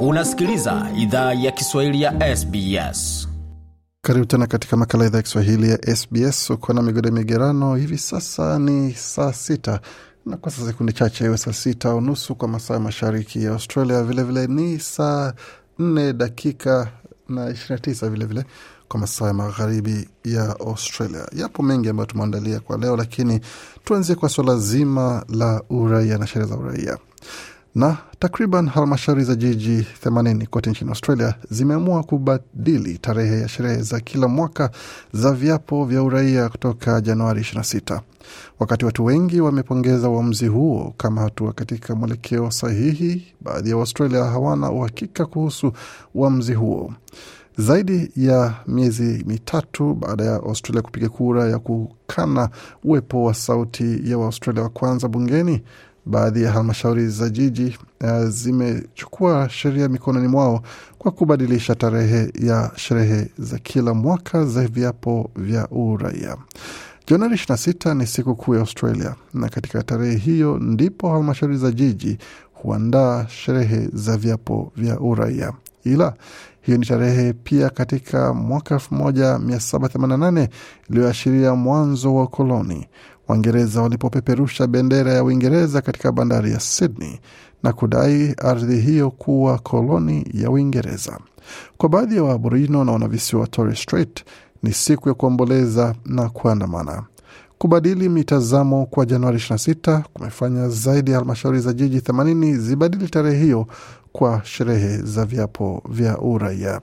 Unasikiliza idhaa ya Kiswahili ya SBS. Karibu tena katika makala idhaa ya Kiswahili ya SBS. Uko na migode migerano. Hivi sasa ni saa sita na kwa sasa sekundi chache, iwe saa sita unusu kwa masaa ya mashariki ya Australia, vilevile vile ni saa nne dakika na 29 vilevile kwa masaa ya magharibi ya Australia. Yapo mengi ambayo tumeandalia kwa leo, lakini tuanzie kwa swala zima la uraia na sherehe za uraia na takriban halmashauri za jiji 80 kote nchini Australia zimeamua kubadili tarehe ya sherehe za kila mwaka za viapo vya uraia kutoka Januari 26. Wakati watu wengi wamepongeza uamuzi huo kama hatua katika mwelekeo sahihi, baadhi ya Waustralia hawana uhakika kuhusu uamuzi huo. Zaidi ya miezi mitatu baada ya Australia kupiga kura ya kukana uwepo wa sauti ya Waustralia wa kwanza bungeni, Baadhi ya halmashauri za jiji eh, zimechukua sheria mikononi mwao kwa kubadilisha tarehe ya sherehe za kila mwaka za viapo vya uraia. Januari 26 ni siku kuu ya Australia, na katika tarehe hiyo ndipo halmashauri za jiji huandaa sherehe za viapo vya uraia. Ila hiyo ni tarehe pia katika mwaka 1788 iliyoashiria mwanzo wa ukoloni Waingereza walipopeperusha bendera ya Uingereza katika bandari ya Sydney na kudai ardhi hiyo kuwa koloni ya Uingereza. Kwa baadhi ya Waaborino na wanavisiwa Torres Strait ni siku ya kuomboleza na kuandamana. Kubadili mitazamo kwa Januari 26 kumefanya zaidi ya halmashauri za jiji 80 zibadili tarehe hiyo kwa sherehe za viapo vya uraia.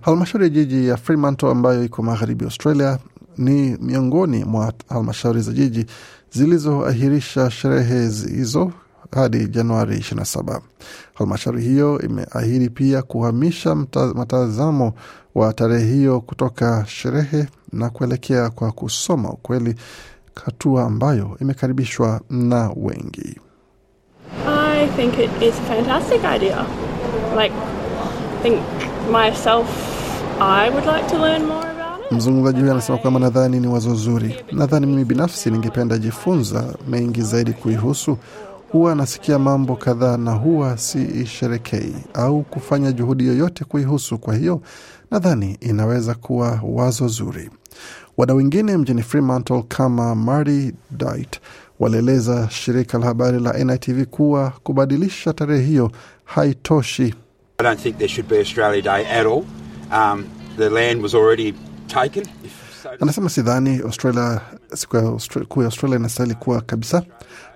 Halmashauri ya jiji ya Fremantle ambayo iko magharibi Australia ni miongoni mwa halmashauri za jiji zilizoahirisha sherehe hizo hadi Januari 27. Halmashauri hiyo imeahidi pia kuhamisha mtazamo wa tarehe hiyo kutoka sherehe na kuelekea kwa kusoma ukweli, hatua ambayo imekaribishwa na wengi. I think it is a fantastic idea. Like, think myself, I would like to learn more. Mzungumzaji huyo anasema kwamba nadhani ni wazo zuri, nadhani mimi binafsi ningependa jifunza mengi zaidi kuihusu. Huwa nasikia mambo kadhaa na huwa siisherekei au kufanya juhudi yoyote kuihusu, kwa hiyo nadhani inaweza kuwa wazo zuri. wada wengine mjini Fremantle kama Mary Dight walieleza shirika la habari la NITV kuwa kubadilisha tarehe hiyo haitoshi. I don't think there should be Australia Day at all. Um, the land was already Anasema sidhani Australia, siku ya kuu ya Australia inastahili kuwa kabisa.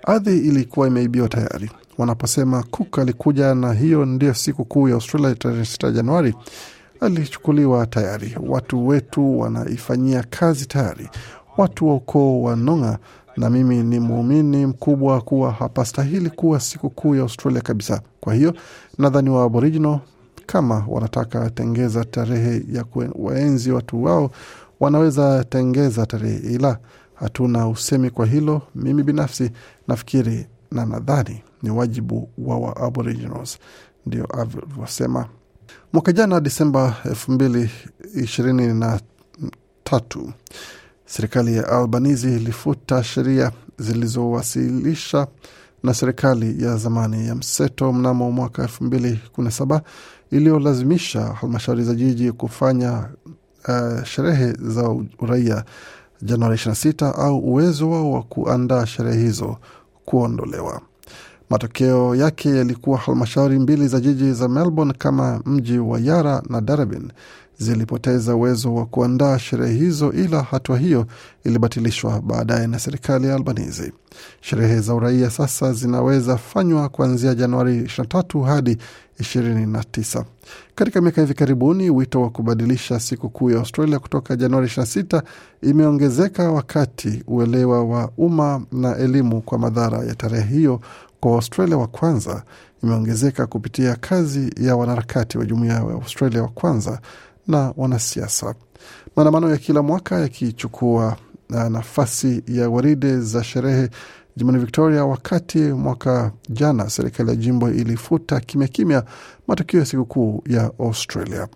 Ardhi ilikuwa imeibiwa tayari. Wanaposema Cook alikuja na hiyo ndio siku kuu ya Australia tarehe 6 Januari, alichukuliwa tayari. Watu wetu wanaifanyia kazi tayari, watu wa ukoo wa Nonga, na mimi ni muumini mkubwa kuwa hapastahili kuwa siku kuu ya Australia kabisa. Kwa hiyo nadhani wa Aboriginal kama wanataka tengeza tarehe ya kuwaenzi watu wao wanaweza tengeza tarehe, ila hatuna usemi kwa hilo. Mimi binafsi nafikiri na nadhani ni wajibu wa wa ndio alivyosema. Mwaka jana disemba elfu mbili ishirini na tatu serikali ya Albanizi ilifuta sheria zilizowasilisha na serikali ya zamani ya mseto mnamo mwaka 2017 iliyolazimisha halmashauri za jiji kufanya uh, sherehe za uraia Januari 26 au uwezo wao wa kuandaa sherehe hizo kuondolewa. Matokeo yake yalikuwa halmashauri mbili za jiji za Melbourne kama mji wa Yara na Darabin zilipoteza uwezo wa kuandaa sherehe hizo, ila hatua hiyo ilibatilishwa baadaye na serikali ya Albanizi. Sherehe za uraia sasa zinaweza fanywa kuanzia Januari 23 hadi 29. Katika miaka hivi karibuni, wito wa kubadilisha siku kuu ya Australia kutoka Januari 26 imeongezeka wakati uelewa wa umma na elimu kwa madhara ya tarehe hiyo kwa Waustralia wa kwanza imeongezeka kupitia kazi ya wanaharakati wa jumuiya ya Australia wa kwanza na wanasiasa. Maandamano ya kila mwaka yakichukua na ah, nafasi ya waride za sherehe jimboni Victoria, wakati mwaka jana serikali ya jimbo ilifuta kimya kimya matukio ya sikukuu ya Australia.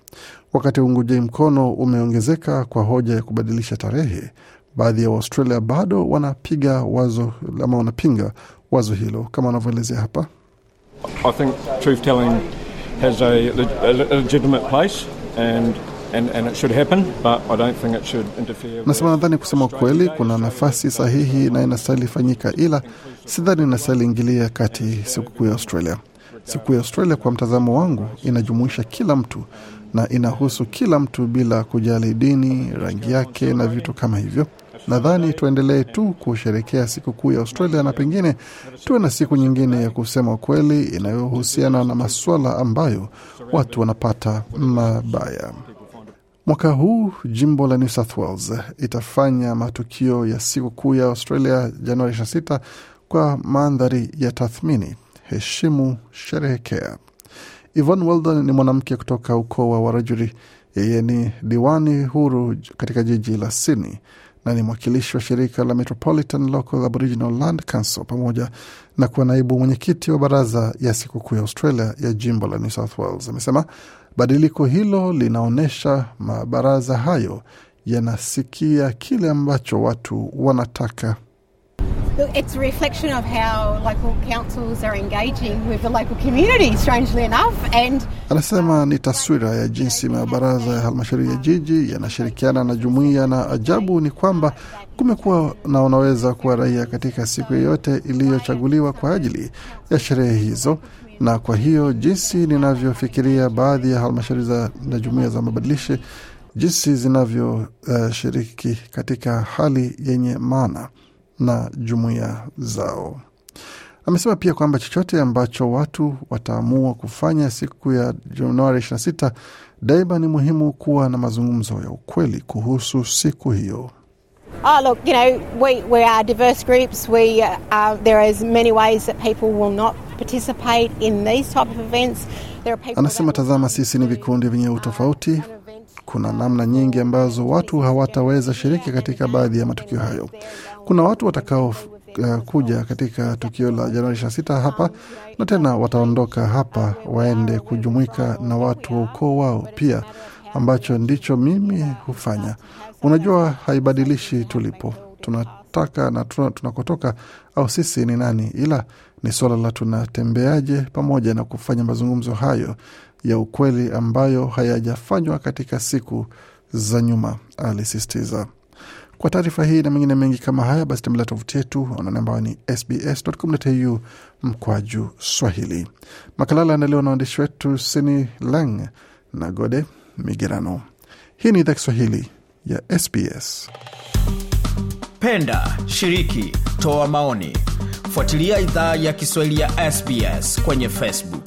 Wakati uunguji mkono umeongezeka kwa hoja ya kubadilisha tarehe, baadhi ya Waustralia bado wanapiga wazo ama wanapinga wazo hilo, kama wanavyoelezea hapa. I think truth telling has a, a legitimate place and Nasema nadhani, kusema kweli, kuna nafasi sahihi na inastahili fanyika, ila sidhani inastahili ingilia kati sikukuu ya Australia. Sikukuu ya Australia kwa mtazamo wangu inajumuisha kila mtu na inahusu kila mtu bila kujali dini, rangi yake na vitu kama hivyo. Nadhani tuendelee tu kusherekea sikukuu ya Australia na pengine tuwe na siku nyingine ya kusema ukweli inayohusiana na masuala ambayo watu wanapata mabaya. Mwaka huu jimbo la New South Wales itafanya matukio ya sikukuu ya Australia Januari 26 kwa mandhari ya tathmini, heshimu, sherehekea. Yvonne Weldon ni mwanamke kutoka ukoo wa Warajuri. Yeye ni diwani huru katika jiji la Sydney na ni mwakilishi wa shirika la Metropolitan Local Aboriginal Land Council pamoja na kuwa naibu mwenyekiti wa baraza ya sikukuu ya Australia ya jimbo la New South Wales. Amesema badiliko hilo linaonyesha mabaraza hayo yanasikia kile ambacho watu wanataka it's a reflection of how local councils are engaging with the local community, strangely enough. And anasema ni taswira ya jinsi mabaraza ya halmashauri ya jiji yanashirikiana na jumuiya, na ajabu ni kwamba kumekuwa na unaweza kuwa raia katika siku yoyote iliyochaguliwa kwa ajili ya sherehe hizo na kwa hiyo jinsi ninavyofikiria baadhi ya halmashauri na jumuiya za mabadilishi jinsi zinavyoshiriki eh, uh, katika hali yenye maana na jumuiya zao. Amesema pia kwamba chochote ambacho watu wataamua kufanya siku ya Januari 26 daima ni muhimu kuwa na mazungumzo ya ukweli kuhusu siku hiyo. Oh, look, you know, we, we are diverse groups. We, uh, there is many ways that people will not participate in these type of events. There are people Anasema tazama, sisi ni vikundi vyenye utofauti. Kuna namna nyingi ambazo watu hawataweza shiriki katika baadhi ya matukio hayo. Kuna watu watakao uh, kuja katika tukio la Januari 26 hapa na tena wataondoka hapa waende kujumuika na watu wa ukoo wao pia, ambacho ndicho mimi hufanya. Unajua, haibadilishi tulipo tunataka na tunakotoka au sisi ni nani, ila ni suala la tunatembeaje pamoja na kufanya mazungumzo hayo ya ukweli ambayo hayajafanywa katika siku za nyuma, alisisitiza. Kwa taarifa hii na mengine mengi kama haya, basi tembelea tovuti yetu anaone ambayo ni sbs.com.au mkwaju swahili. Makala aliandaliwa na waandishi wetu Sini Lang na Gode Migerano. Hii ni idhaa Kiswahili ya SBS. Penda, shiriki, toa maoni, fuatilia idhaa ya Kiswahili ya SBS kwenye Facebook.